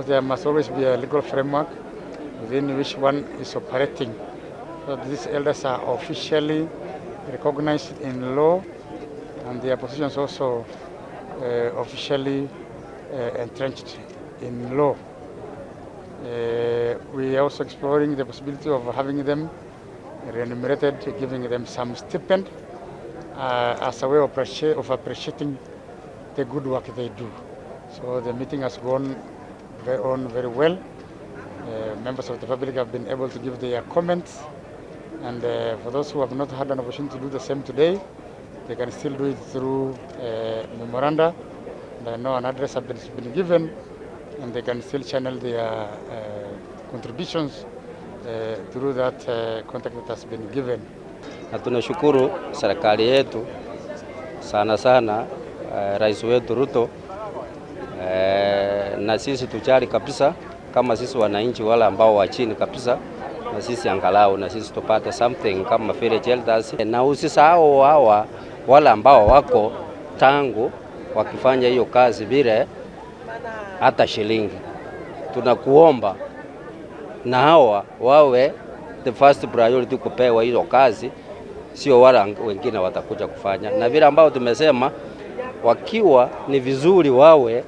because there must always be a legal framework within which one is operating. So these elders are officially recognized in law and their positions also uh, officially uh, entrenched in law. Uh, we are also exploring the possibility of having them remunerated, giving them some stipend uh, as a way of, appreciating the good work they do. So the meeting has gone very own very well. Uh, members of the public have been able to give their comments. And uh, for those who have not had an opportunity to do the same today, they can still do it through uh, memoranda. And I know an address has been, been given, and they can still channel their uh, contributions uh, through that uh, contact that has been given. Na tunashukuru serikali yetu sana sana, uh, Rais wetu Ruto na sisi tujali kabisa kama sisi wananchi wale ambao wa chini kabisa, na sisi angalau na sisi tupate something kama vile elders, na usisahau hawa wale ambao wako tangu wakifanya hiyo kazi bila hata shilingi. Tunakuomba na hawa wawe the first priority kupewa hiyo kazi, sio wala wengine watakuja kufanya, na vile ambao tumesema wakiwa ni vizuri wawe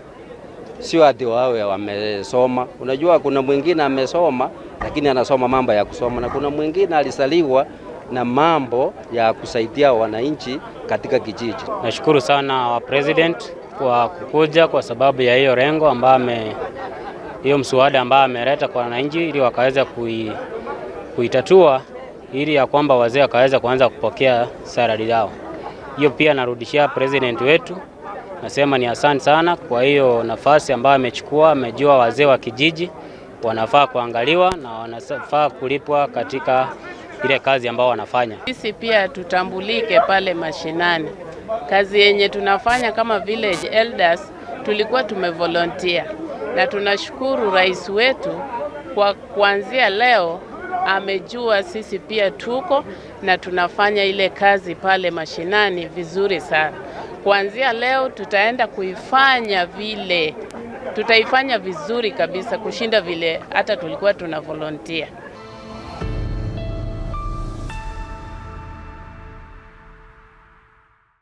sio ati wawe wamesoma. Unajua, kuna mwingine amesoma lakini anasoma mambo ya kusoma, na kuna mwingine alisaliwa na mambo ya kusaidia wananchi katika kijiji. Nashukuru sana wa president kwa kukuja kwa sababu ya hiyo rengo ambayo ame hiyo mswada ambayo ameleta kwa wananchi ili wakaweza kui, kuitatua ili ya kwamba wazee wakaweza kuanza kupokea salari yao. Hiyo pia narudishia president wetu. Nasema ni asante sana kwa hiyo nafasi ambayo amechukua. Amejua wazee wa kijiji wanafaa kuangaliwa na wanafaa kulipwa katika ile kazi ambao wanafanya. Sisi pia tutambulike pale mashinani, kazi yenye tunafanya kama village elders, tulikuwa tumevolontia, na tunashukuru rais wetu kwa kuanzia leo amejua sisi pia tuko na tunafanya ile kazi pale mashinani vizuri sana. Kuanzia leo tutaenda kuifanya vile, tutaifanya vizuri kabisa kushinda vile hata tulikuwa tuna volunteer.